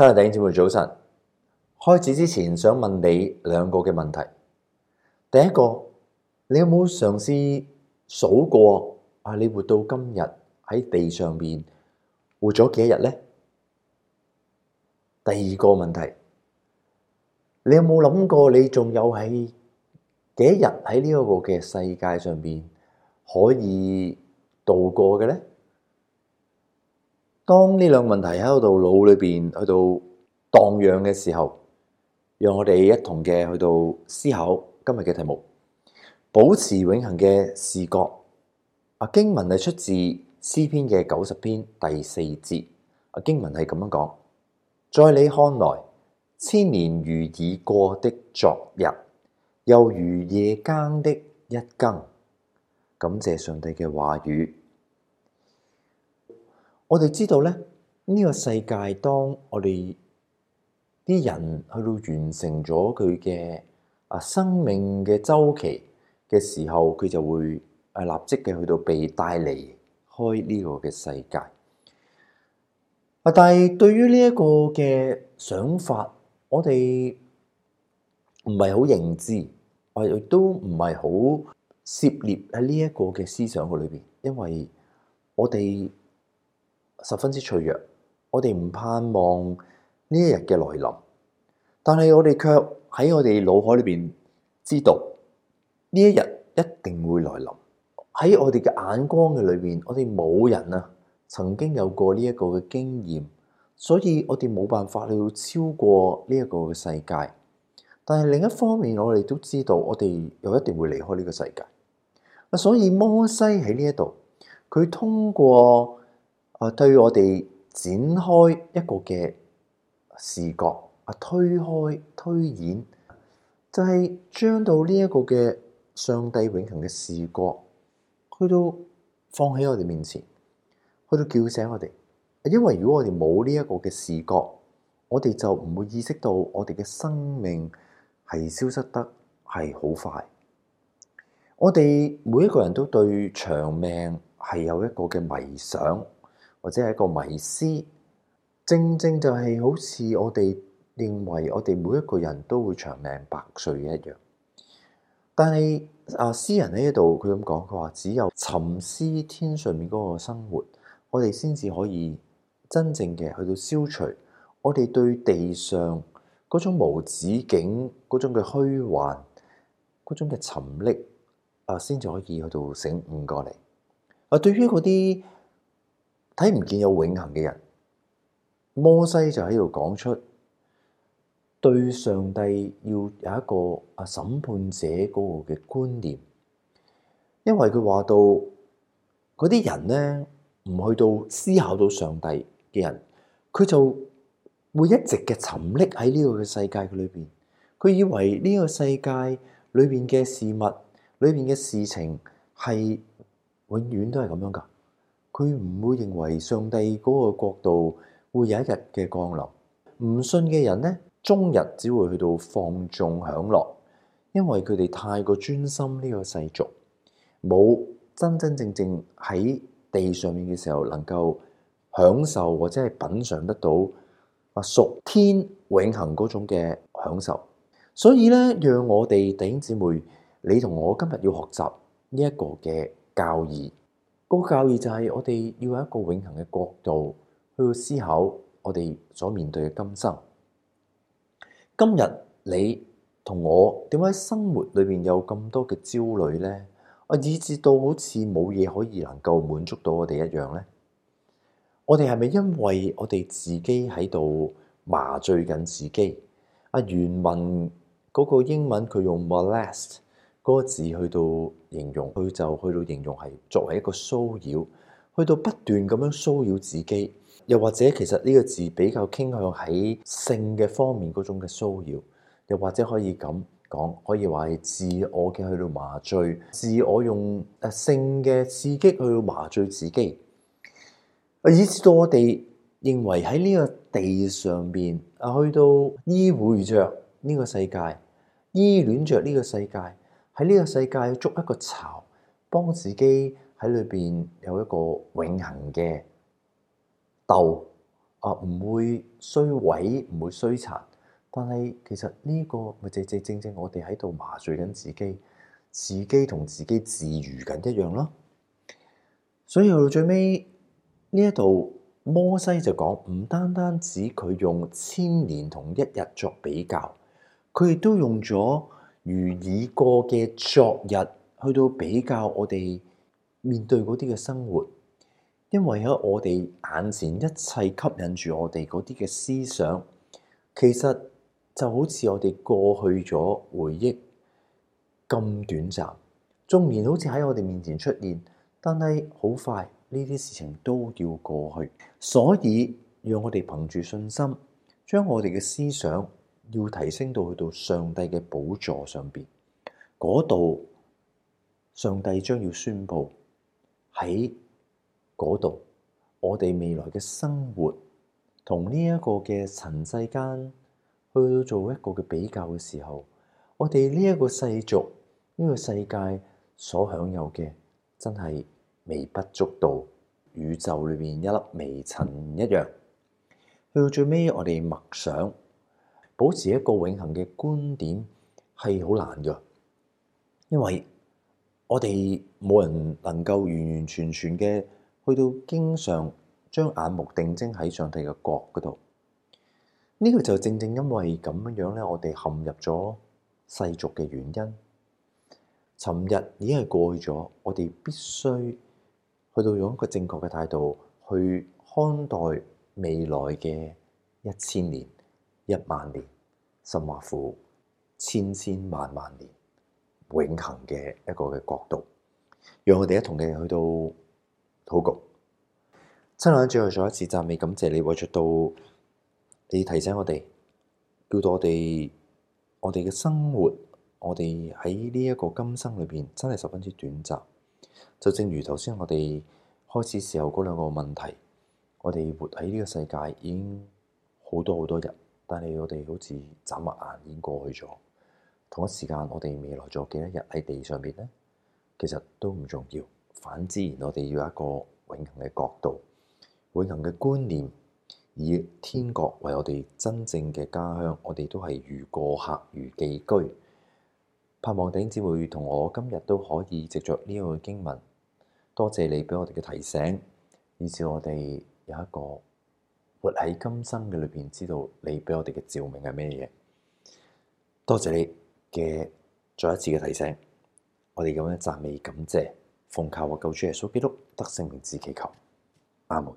真係頂姊妹早晨。開始之前，想問你兩個嘅問題。第一個，你有冇嘗試數過啊？你活到今日喺地上面活咗幾日呢？第二個問題，你有冇諗過你仲有係幾日喺呢個嘅世界上邊可以？當呢兩個問題喺度腦裏邊去到蕩漾嘅時候，讓我哋一同嘅去到思考今日嘅題目，保持永恒嘅視覺。啊，經文係出自詩篇嘅九十篇第四節。啊，經文係咁樣講：在你看來，千年如已過的昨日，又如夜間的一更。感謝上帝嘅話語。我哋知道咧，呢個世界，當我哋啲人去到完成咗佢嘅啊生命嘅周期嘅時候，佢就會啊立即嘅去到被帶離開呢個嘅世界啊。但係對於呢一個嘅想法，我哋唔係好認知，我亦都唔係好涉獵喺呢一個嘅思想嘅裏邊，因為我哋十分之脆弱，我哋唔盼望呢一日嘅來臨，但係我哋卻喺我哋腦海裏邊知道呢一日一定會來臨。喺我哋嘅眼光嘅裏邊，我哋冇人啊，曾經有過呢一個嘅經驗，所以我哋冇辦法去超過呢一個嘅世界。但係另一方面，我哋都知道我哋又一定會離開呢個世界。啊，所以摩西喺呢一度，佢通過。啊！對我哋展開一個嘅視覺啊，推開推演，就係將到呢一個嘅上帝永恆嘅視覺去到放喺我哋面前，去到叫醒我哋。因為如果我哋冇呢一個嘅視覺，我哋就唔會意識到我哋嘅生命係消失得係好快。我哋每一個人都對長命係有一個嘅迷想。或者係一個迷思，正正就係好似我哋認為我哋每一個人都會長命百歲一樣。但係啊，詩人喺呢度佢咁講，佢話只有沉思天上面嗰個生活，我哋先至可以真正嘅去到消除我哋對地上嗰種無止境、嗰種嘅虛幻、嗰種嘅沉溺啊，先至可以去到醒悟過嚟啊。對於嗰啲睇唔見有永恆嘅人，摩西就喺度講出對上帝要有一個阿審判者嗰個嘅觀念，因為佢話到嗰啲人呢，唔去到思考到上帝嘅人，佢就會一直嘅沉溺喺呢個嘅世界裏邊，佢以為呢個世界裏邊嘅事物、裏邊嘅事情係永遠都係咁樣㗎。佢唔會認為上帝嗰個國度會有一日嘅降臨。唔信嘅人呢，終日只會去到放縱享樂，因為佢哋太過專心呢個世俗，冇真真正正喺地上面嘅時候能夠享受或者係品嘗得到啊屬天永恆嗰種嘅享受，所以呢，讓我哋弟兄姊妹，你同我今日要學習呢一個嘅教義。個教義就係我哋要有一個永恆嘅角度去思考我哋所面對嘅今生。今日你同我點解生活裏面有咁多嘅焦慮呢？啊，以至到好似冇嘢可以能夠滿足到我哋一樣呢？我哋係咪因為我哋自己喺度麻醉緊自己？啊，原文嗰個英文佢用 molest。嗰個字去到形容，佢就去到形容係作為一個騷擾，去到不斷咁樣騷擾自己，又或者其實呢個字比較傾向喺性嘅方面嗰種嘅騷擾，又或者可以咁講，可以話係自我嘅去到麻醉，自我用誒性嘅刺激去到麻醉自己，以至到我哋認為喺呢個地上邊啊，去到依偎着呢個世界，依戀着呢個世界。喺呢個世界捉一個巢，幫自己喺裏邊有一個永恆嘅斗啊，唔會衰毀，唔會衰殘。但係其實呢個咪正正正正，我哋喺度麻醉緊自己，自己同自己治愈緊一樣咯。所以去到最尾呢一度，摩西就講，唔單單止佢用千年同一日作比較，佢亦都用咗。如已過嘅昨日，去到比較我哋面對嗰啲嘅生活，因為喺我哋眼前一切吸引住我哋嗰啲嘅思想，其實就好似我哋過去咗回憶咁短暫。縱然好似喺我哋面前出現，但係好快呢啲事情都要過去。所以讓我哋憑住信心，將我哋嘅思想。要提升到去到上帝嘅寶座上邊嗰度，上帝將要宣佈喺嗰度，我哋未來嘅生活同呢一個嘅塵世間去到做一個嘅比較嘅時候，我哋呢一個世俗呢、呢個世界所享有嘅真係微不足道，宇宙裏面一粒微塵一樣。去到最尾，我哋默想。保持一個永恆嘅觀點係好難㗎，因為我哋冇人能夠完完全全嘅去到經常將眼目定睛喺上帝嘅國嗰度。呢個就正正因為咁樣呢，我哋陷入咗世俗嘅原因。尋日已經係過去咗，我哋必須去到用一個正確嘅態度去看待未來嘅一千年。一萬年、甚或乎、千千萬萬年，永恆嘅一個嘅角度，讓我哋一同嘅去到土局。親愛嘅，最後再一次讚美，感謝你活出到你提醒我哋，叫到我哋，我哋嘅生活，我哋喺呢一個今生裏邊真係十分之短暫。就正如頭先我哋開始時候嗰兩個問題，我哋活喺呢個世界已經好多好多日。但係我哋好似眨下眼已經過去咗。同一時間，我哋未來仲有幾多日喺地上邊呢？其實都唔重要。反之，我哋要有一個永恆嘅角度、永恆嘅觀念，以天國為我哋真正嘅家鄉。我哋都係如過客如寄居。盼望弟兄姊妹同我今日都可以藉著呢個經文，多謝你畀我哋嘅提醒，以致我哋有一個活喺今生嘅裏面，知道你俾我哋嘅照明係咩嘢？多謝你嘅再一次嘅提醒，我哋咁樣讚美、感謝、奉靠我救主耶穌基督得勝名字祈求，阿門。